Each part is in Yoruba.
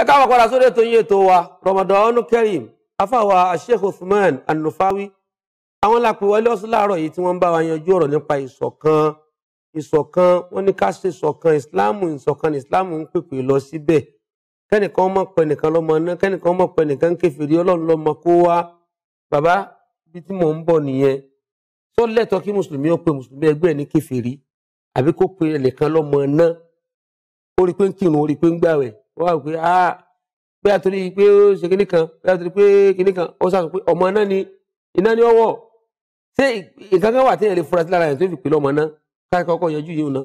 ẹ káwọn padà sórí ètò yín ètò wa Ramadan Kareem afáwa Sheikh Uthman an àwọn lápè wọlé ọsùn láàárọ̀ yìí tí wọ́n ń bá wa yanjú ọ̀rọ̀ nípa ìṣọ̀kan ìṣọ̀kan wọ́n ní ká ṣe ìṣọ̀kan ìsìláàmù ìṣọ̀kan ìsìláàmù ń pèpè lọ síbẹ̀ kẹ́nìkan mọ̀ pé nìkan lọ́mọ náà kẹ́nìkan mọ̀ pé nìkan kèfèrí Ọlọ́run lọ́mọ kó wá bàbá bí tí mò ń bọ̀ nìyẹn tó lẹ́tọ̀ọ́ kí mùsùlùmí ó pe mùsùlùmí ẹgbẹ́ ẹ̀ ní kèfèrí àbí kó pe ẹnìkan lọ́mọ náà ó rí pé ń kírun ó rí pé ń gbàwẹ̀ wọ́n wá pé ah pé àtúrí pé ó ṣe kíní kan pé àtúrí pé kíní kan ó sàtún pé ọmọ náà ni iná ní ọwọ́ ṣé ìkankan wà téèyàn lè fura sí lára yẹn tó fi pè lọ́mọ náà káàkiri kọ́kọ́ yanjú yìí náà.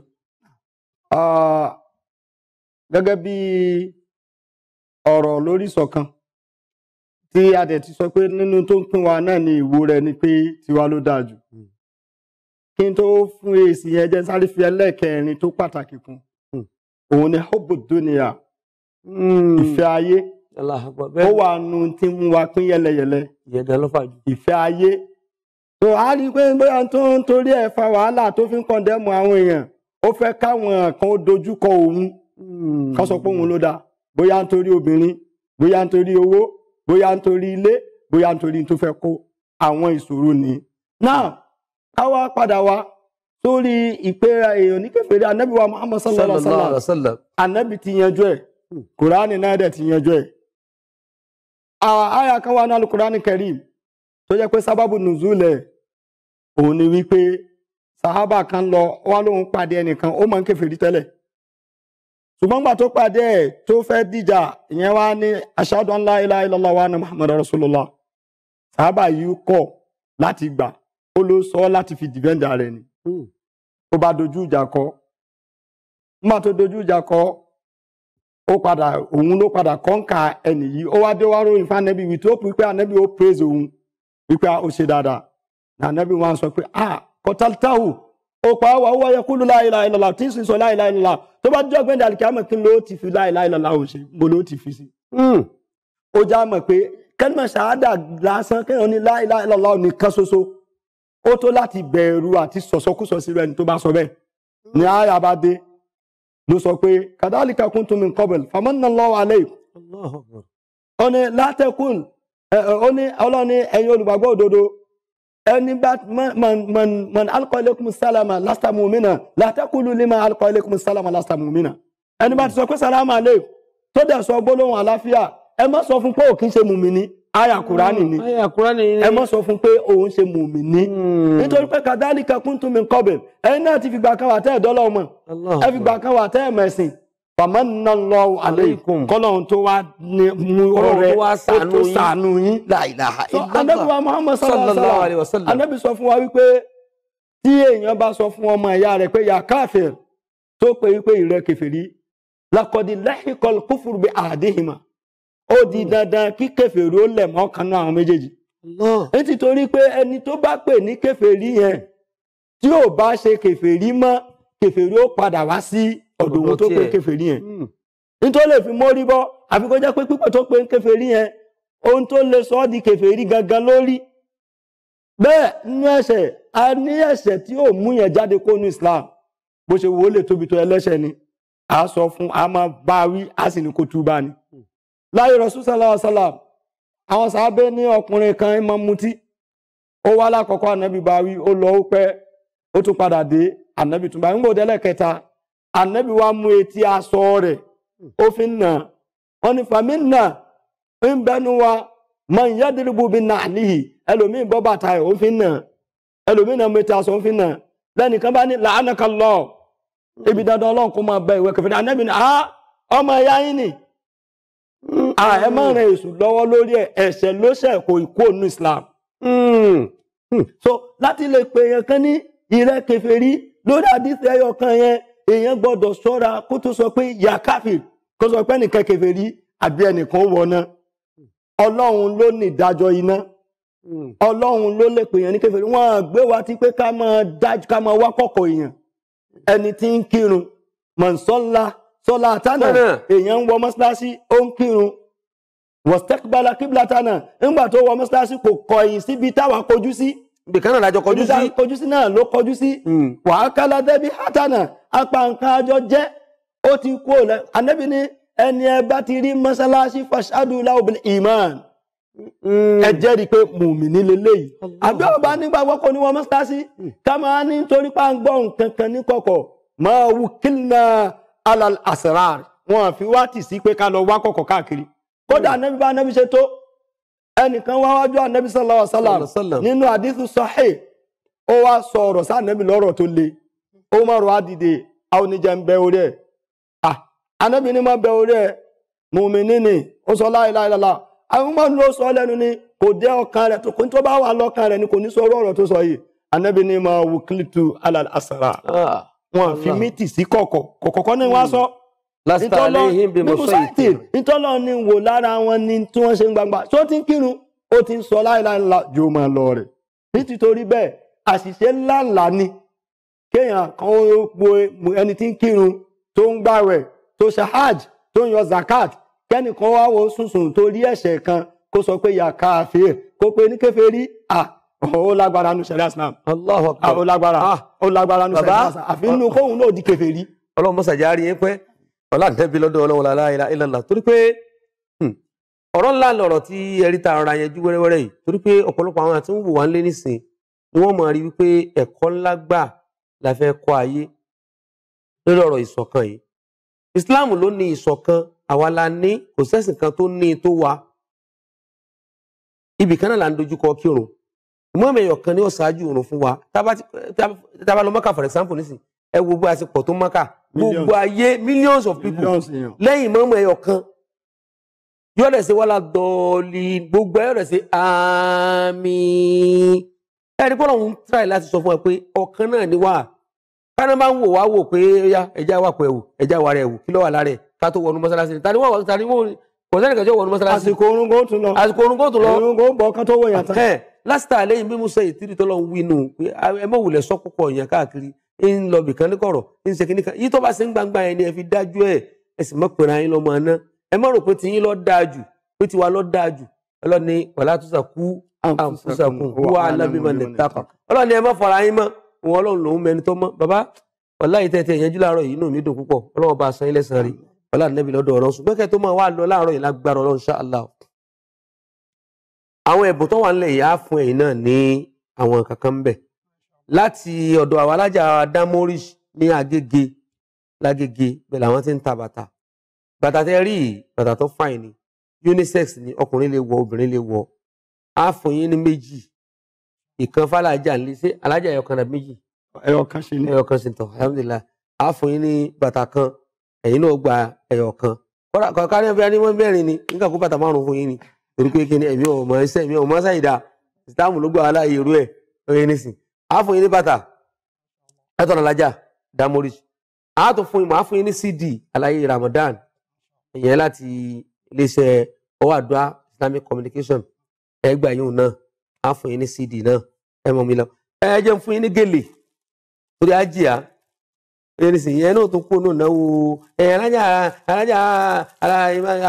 gẹ́gẹ́ bí ọ̀rọ̀ lórí sọ̀kan tí a dẹ̀ ti sọ pé nínú tó ń pín wa náà ni ìwo rẹ̀ ni pé tiwa ló dáa jù hmm. kí n tó fún èsì yẹn jẹ́ sáré fi ẹlẹ́ẹ̀kẹrin tó pàtàkì kún hmm. òun ni hobo dunia. Hmm. ìfẹ́ ayé ó wà nù tí ń wa pín yẹlẹyẹlẹ ìfẹ́ ayé tó a rí i pé bóyá tó ń torí ẹ̀ fa wàhálà tó fi ń kọ̀ndẹ́mù àwọn èèyàn ó fẹ́ káwọn kan dojúkọ òun hmm. kan sọ pé òun ló dáa bóyá nítorí obìnrin bóyá nítorí owó bóyá nítorí ilé bóyá nítorí tó fẹ́ kó àwọn ìṣòro ni. náà ká wá padà wá sórí ìpera èèyàn ní kèfèrí anábì wa Muhammad sallallahu alaihi wa sallam anábì ti yanjú ẹ̀. kùránì náà dẹ̀ ti yanjú ẹ̀ àyà kan wà náà kùránì Karim tó jẹ́ pé sababu nùzúlẹ̀ òun sahaba kan lọ wá lohun pàdé ẹnìkan ó máa ń kèfèrí tẹ́lẹ̀ ṣùgbọ́n gbà tó to ẹ̀ tó fẹ́ dìjà ìyẹn wá an la ilaha illallah wa anna rasulullah ó padà òun ló padà kọ́ńkà ẹnì yìí ó wá dé wá ròyìn fún anabi wí tó pípé anabi ó praise òun pípé ó ṣe dáadáa na anabi wọn sọ pé ah kọtàlítàwù ó pa wà ó wáyé kúlù láìla ìlọlá tí ń sìn sọ láìla ìlọlá tó bá jọ gbẹ̀dẹ̀ àlìkámọ̀ kí ló ti fi láìla ìlọlá ò ṣe mo ló ti fi sí. Hmm. ó já mọ̀ pé kẹ́lìmọ̀ ṣáádà lásán kéèyàn ní láìla ìlọlá ò nìkan ṣoṣo ó tó láti bẹ̀rù àti sọ̀sọ́kúsọ sí rẹ̀ ní tó bá sọ bẹ́ẹ̀ ní àyà dé ló sọ pé kadhalika kuntum min qabl famanna Allahu alaykum ó ní látẹkùn ó ní ọlọ́ni ẹ̀yin olùgbàgbọ́ òdodo ẹni bá man alqa ilaykum sálámà lasta mu'mina látẹkùn lima alqa ilaykum sálámà lasta mu'mina ẹni bá ti sọ pé sálámà alaykum tó dẹ̀ sọ gbólóhùn àláfíà ẹ má sọ fún pé òkín ṣe mùmínì aya kurani ni ẹ mọ sọ fún pé òun ṣe mùmíní hmm. nítorí pé kadhalika kuntum min qabl ẹ̀yin náà ti fìgbà kan wà tẹ́ ẹ̀ dọ́lọ́ ọmọ ẹ fìgbà kan wà tẹ́ ẹ̀ mẹ̀sìn famanallahu alaykum kọ́lọ́hún tó wá ní mú rẹ ó tó sànù yín la ilaha illallah anabi wa muhammad sallallahu alayhi wa anabi sọ fún wa wípé tí èèyàn bá sọ fún ọmọ ìyá rẹ pé ya káfíìn tó pé wípé ìrẹ kèfèrí laqad lahiqal kufru bi ahadihima ó di dandan kí kèfèrí ó lẹ̀ mọ́ kan náà àwọn méjèèjì. nítorí pé ẹni tó bá pè ní kèfèrí yẹn tí ò bá ṣe kèfèrí mọ́ kèfèrí ó padà wá sí ọ̀dọ̀ òun tó pè kèfèrí yẹn. Hmm. nítorí lè fi mórí bọ́ àfi jẹ́ pé pípẹ́ tó pè kèfèrí yẹn ohun tó lè sọ ọ́ di kèfèrí gangan lórí. bẹ́ẹ̀ nínú ẹ̀ṣẹ̀ a ní ẹ̀ṣẹ̀ tí ò mú yẹn jáde kó nu Islam bó ṣe wo lè tóbi tó ẹlẹ́ṣẹ̀ ni a láyé rọ̀ṣù sàlàsàlà àwọn sàábẹ́ ní ọkùnrin kan ń mọ ó wá lákọ̀ọ́kọ́ bá wí ó lọ ó pẹ́ ó tún padà dé ànábì tún bá ń gbòdẹ́ mú etí aṣọ ó fi nà wọn nà ń bẹnu wa mọ ìyá dìrìbù bí nà níyì ẹlòmíì bọ́ bàtà ẹ̀ ó fi nà ẹlòmíì náà mú etí aṣọ ó fi ẹ má ran èṣù lọ́wọ́ lórí ẹ̀ ẹ̀ṣẹ̀ ló ṣẹ̀ kó ìkóònù Islam. Mm. Hmm. so láti lè pè èèyàn kan ní ìrẹ́ kèfèrí lórí àdìsí ẹyọ kan yẹn èèyàn gbọ́dọ̀ ṣọ́ra kó tó sọ pé yà káfíìn kó sọ pé ẹnìkan kèfèrí àbí ẹnìkan ó wọná ọlọ́run ló ní ìdájọ́ iná hmm. ọlọ́run ló lè pè èèyàn ní kèfèrí wọ́n á gbé wa ti pé ká máa wá kọ̀kọ̀ èèyàn ẹni tí ń kírun mọ̀nsọ́lá sọ́lá àtànà èèyàn ń wọ mọ́ṣáláṣí ó ń kírun wọ́stẹ́kbala kíblatana ńgbà tó wọ mọ́sálásí kò kọ̀yìn síbi táwa kojú sí. bìkan náà lájọ kojú sí. ibi táwa kojú sí náà ló kojú sí. Hmm. wàá kálá débi hátànà apá nǹkan àjọ jẹ́ ó ti kú ọ̀lẹ́ anábì ní ẹni ẹ bá ti rí mọ́sálásí fàṣádù láwùbìlì imán. Hmm. ẹ jẹ́rìí pé mùmíní lélẹ́yìí. àbí ọba nígbà wọ́kọ̀ ni wọ́n mọ́sálásí hmm. ká máa ní torí pa nǹkan kan ní alal asrar wọn àfi wá tì sí pé ká lọ kódà anabi bá anabi ṣe tó ẹnìkan wá wájú anabi sallallahu nínú ó wá sọ ọ̀rọ̀ sí le ó má rọ àwọn ń bẹ orí anabi ni má bẹ ni ó sọ la àwọn ọmọ ló sọ lẹ́nu ni kò dé ọkàn rẹ̀ tó bá wà lọ́kàn rẹ̀ ni ni wọn fi lásìkò àléhìn bí mo sọ ìtì. ìtọ́lọ́ ni wò lára wọn ni tí wọ́n ṣe ń gbangba tó ti ń kírun ó ti ń sọ láìláńlá yóò máa lọ rẹ̀ nítorí bẹ́ẹ̀ àṣìṣe ńláńlá ni kéèyàn kan ó po ẹni tí ń kírun tó ń gbàwẹ̀ tó ṣe hajj tó ń yọ zakat kẹ́nìkan wá wo sùnsùn torí ẹ̀ṣẹ̀ kan kó sọ pé yà káfíìn kó pe ní kèfèrí à ó lágbára nu sẹ̀rí àsìlám. ó lágbára ah. ó lágbára nu sẹ̀rí àsìlám àfi nínú kóhun náà di kèfèrí. ọlọ́run mọ́sàjárí yẹn pẹ́ ọlàǹtẹ́bí lọ́dọ̀ ọlọ́wọ́lá aláìlá ìlànà torí pé hmm, ọ̀rọ̀ ńlá lọ̀rọ̀ tí ẹ̀rí ta ara yẹn jú wẹ́rẹ́wẹ́rẹ́ yìí torí pé ọ̀pọ̀lọpọ̀ àwọn àti ń wò wá ń lé nísìn ni wọ́n máa rí wípé ẹ̀kọ́ ńlá gbà la fẹ́ kọ́ ayé lórí ọ̀rọ̀ ìṣọ̀kan yìí Islam ló ní ìṣọ̀kan àwa la ní kò sẹ́sìn kan tó ní tó wa ibì kan náà là ń dojúkọ kírun ìmọ̀ ẹ̀yọ̀ kan ní ó ṣáájú òrùn fún wa tá a bá lọ Mọ́kà for example nísìn ẹ wo bó a ṣe pọ̀ tó mọ́kà gbogbo ayé millions of people lẹ́yìn mọ́mọ́ ẹyọ kan yóò dẹ̀ ṣe wàhálà dọ̀ọ̀lì gbogbo ẹ̀ yóò dẹ̀ ṣe àmì ẹni pọ́nlọ́ ń tíráì láti sọ fún ẹ pé ọ̀kan náà ni wà káná bá ń wò wá wò pé ẹyá ẹja wà pẹ̀wò ẹja wà rẹ̀ wò kí ló wà lára ẹ̀ ká tó wọnú mọ́sálásí ni tani wọ́n tani wọ́n kò sẹ́nìkan tí wọnú mọ́sálásí. àsìkò orun kò tún lọ àsìkò orun kò tún lọ orun kò bọ̀ ká tó wọ̀ yàtọ̀ lásìtà àlẹyìn bí musa ìtìrì tọ́lọ́ ń wínú pé ẹ mọ̀ wùlẹ̀ sọ púpọ̀ yẹn káàkiri ń lọ bìkan ní kọ̀rọ̀ ń ṣe kíní kan yìí tó bá ṣe ń gbangba yẹn ni ẹ fi dájú ẹ ẹ sì mọ̀ pèrè ayín lọ́mọ aná ẹ mọ̀ rò pé tiyín lọ́ dáa jù pé tiwa lọ́ dáa jù ọlọ́ni wàlá àtúnṣà kú àǹfùsàkùn wà alábìmọ̀ lè takọ̀ ọlọ́ni ẹ mọ̀ fọ̀rọ̀ ayín mọ́ òun ọlọ́run lòún mẹni tó mọ́ bàbá wàlá yìí tẹ́tẹ́ yanjú láàárọ̀ yìí inú mi dùn púpọ̀ ọlọ́run bá a san ilẹ̀ san rí wàlá nẹ́bí lọ́dọ̀ ọ̀rọ̀ ṣùgbọ́n kẹ́ yìí lágbára àwọn ẹ̀bùn tó wà nílẹ̀ yìí á fún ẹ̀yin náà ní àwọn kankan ń bẹ̀ láti ọ̀dọ̀ àwọn alájà dámórìṣ ní agége lágége bẹ́ẹ̀ làwọn ti ń ta bàtà bàtà tẹ́ rí bàtà tó fàìn ni unisex ni ọkùnrin lè wọ obìnrin lè wọ á fún yín ní méjì ìkan fàlàjà ń lé sí alájà ẹyọkan náà méjì ẹyọkan ṣe ní ẹyọkan ṣe tán alhamdulilayi á fún yín ní bàtà kan ẹ̀yin náà gba ẹyọkan kọ́ra kárí ẹ̀fẹ́ ni wọ́n mẹ́rin ni nígbà kó bàtà márùn-ún fún yín ni torí pé kí ni ẹ̀mí ọmọ ẹsẹ̀ ẹ̀mí ọmọ ẹsẹ̀ ìdá ìsìtáàmù ló gbà wá láàyè irú ẹ̀ lóye nísìn á fún yín ní bàtà ẹ̀tọ́ ọ̀làjà damori á tún fún yín mọ̀ á fún yín ní cd àlàyé Ramadan ìyẹn láti iléeṣẹ́ ọwọ́ àdúrà Islamic communication ẹgbà yìí náà á fún yín ní cd náà ẹ mọ̀ mi lọ ẹ jẹ́ fún yín ní gèlè torí á jìyà erisi yẹn náà tó kó náà náwó ẹ alájà alájà ara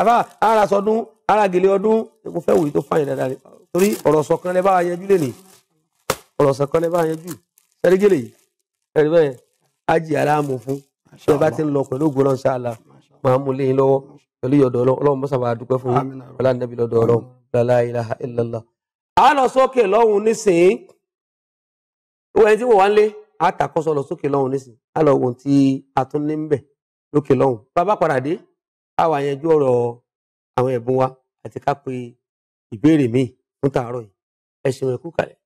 àfa ara sọdún arágìlẹ̀ ọdún kò fẹ́ wòye tó fàyìn dáadáa ni torí ọ̀rọ̀ sọ̀kan lẹ́ bá a yanjú lé ní ọ̀rọ̀ sọ̀kan lẹ́ bá a yanjú sẹ́rígìlẹ̀ yìí ẹ̀rí bẹ́ẹ̀ ájì aláàmú fún tí ẹ bá ti ń lọ máa mú léyìn a fún yín ọlá nàbí lọ sókè lọ́hùn ẹni tí wọ́n wá a lọ àwọn ẹ̀bùn wa àti ká pe ìbéèrè míì fún tàárọ̀ yìí ẹ ṣeun ẹ kú kàlẹ̀.